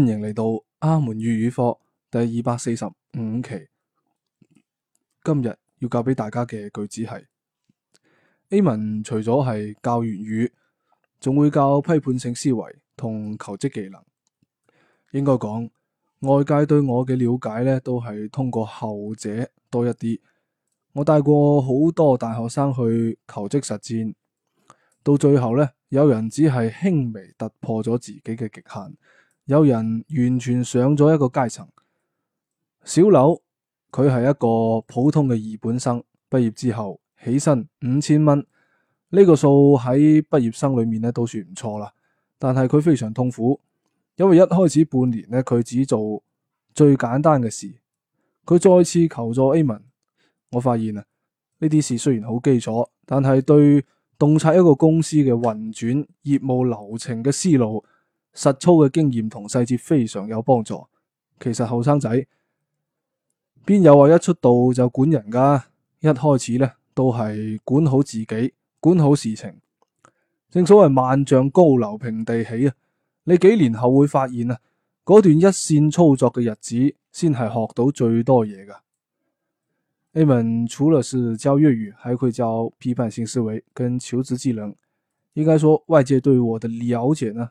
歡迎嚟到《阿門粵語課》第二百四十五期。今日要教俾大家嘅句子係：Amen 除咗係教粵語，仲會教批判性思維同求職技能。應該講，外界對我嘅了解咧，都係通過後者多一啲。我帶過好多大學生去求職實戰，到最後咧，有人只係輕微突破咗自己嘅極限。有人完全上咗一個階層。小劉佢係一個普通嘅二本生，畢業之後起薪五千蚊，呢個數喺畢業生裏面咧都算唔錯啦。但係佢非常痛苦，因為一開始半年咧佢只做最簡單嘅事。佢再次求助 Amen，我發現啊，呢啲事雖然好基礎，但係對洞察一個公司嘅運轉、業務流程嘅思路。實操嘅經驗同細節非常有幫助。其實後生仔邊有話一出道就管人噶，一開始呢，都係管好自己，管好事情。正所謂萬丈高樓平地起啊！你幾年後會發現啊，嗰段一線操作嘅日子先係學到最多嘢噶。Amen 除了是教粵語，仲會教批判性思維跟求職技能。應該說外界對我的了解呢？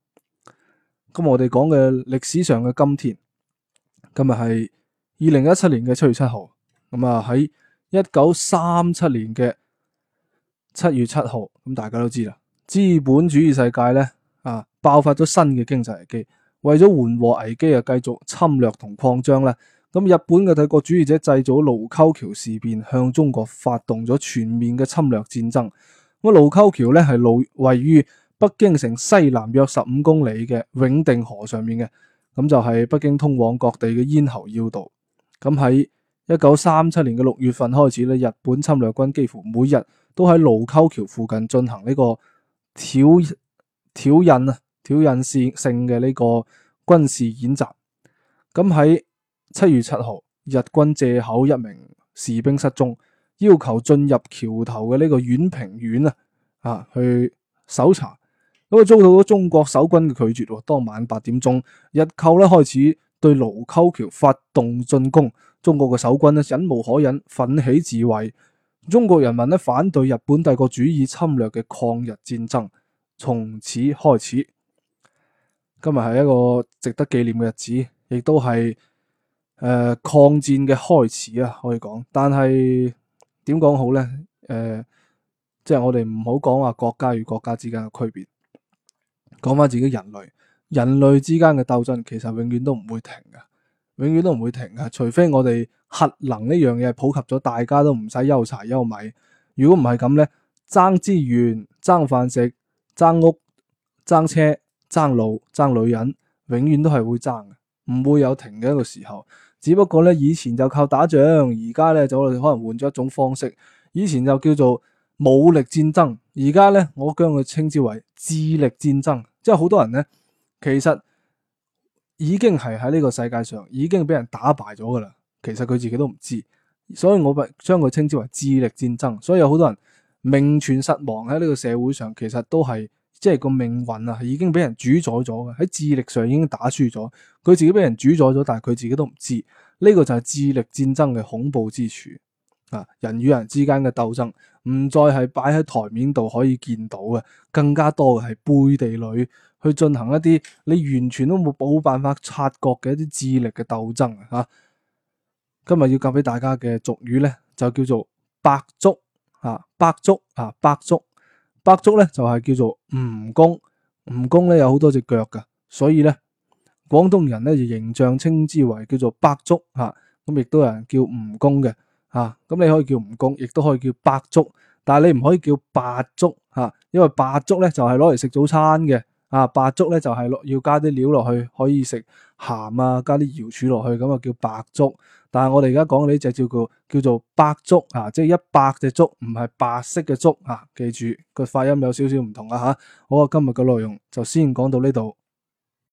今日我哋講嘅歷史上嘅今天，今日係二零一七年嘅七月七號。咁啊喺一九三七年嘅七月七號，咁大家都知啦，資本主義世界咧啊爆發咗新嘅經濟危機，為咗緩和危機啊，繼續侵略同擴張啦。咁日本嘅帝國主義者製造盧溝橋事變，向中國發動咗全面嘅侵略戰爭。咁盧溝橋咧係路位於。北京城西南約十五公里嘅永定河上面嘅，咁就係北京通往各地嘅咽喉要道。咁喺一九三七年嘅六月份開始咧，日本侵略軍幾乎每日都喺盧溝橋附近進行呢個挑挑釁啊、挑釁線性嘅呢個軍事演習。咁喺七月七號，日軍借口一名士兵失蹤，要求進入橋頭嘅呢個宛平縣啊，啊去搜查。咁啊，因為遭到咗中國守軍嘅拒絕。當晚八點鐘，日寇咧開始對盧溝橋發動進攻。中國嘅守軍咧忍無可忍，奮起自衛。中國人民咧反對日本帝國主義侵略嘅抗日戰爭從此開始。今日係一個值得紀念嘅日子，亦都係誒抗戰嘅開始啊，可以講。但係點講好呢？誒、呃，即係我哋唔好講話國家與國家之間嘅區別。講翻自己人類，人類之間嘅鬥爭其實永遠都唔會停嘅，永遠都唔會停嘅，除非我哋核能呢樣嘢普及咗，大家都唔使憂柴憂米。如果唔係咁咧，爭資源、爭飯食、爭屋、爭車、爭路、爭女人，永遠都係會爭嘅，唔會有停嘅一個時候。只不過咧，以前就靠打仗，而家咧就可能換咗一種方式。以前就叫做武力戰爭，而家咧我將佢稱之為智力戰爭。即係好多人咧，其實已經係喺呢個世界上已經俾人打敗咗噶啦。其實佢自己都唔知，所以我咪將佢稱之為智力戰爭。所以有好多人名存實亡喺呢個社會上，其實都係即係個命運啊，已經俾人主宰咗嘅。喺智力上已經打輸咗，佢自己俾人主宰咗，但係佢自己都唔知。呢個就係智力戰爭嘅恐怖之處。啊！人與人之間嘅鬥爭唔再係擺喺台面度可以見到嘅，更加多嘅係背地裏去進行一啲你完全都冇冇辦法察覺嘅一啲智力嘅鬥爭啊！今日要教俾大家嘅俗語咧，就叫做百足，啊百足。啊，百足啊，百足，百足咧就係、是、叫做蜈蚣，蜈蚣咧有好多隻腳嘅，所以咧廣東人咧就形象稱之為叫做百足。啊，咁亦都有人叫蜈蚣嘅。啊，咁你可以叫蜈蚣，亦都可以叫百足，但係你唔可以叫白粥吓，啊，因為白粥咧就係攞嚟食早餐嘅，啊白粥咧就係、是、落要加啲料落去，可以食鹹啊，加啲瑤柱落去咁，啊叫白粥，但係我哋而家講呢隻叫做叫做百足啊，即係一百隻足，唔係白色嘅粥啊，記住個發音有少少唔同啊吓，好啊，今日嘅內容就先講到呢度。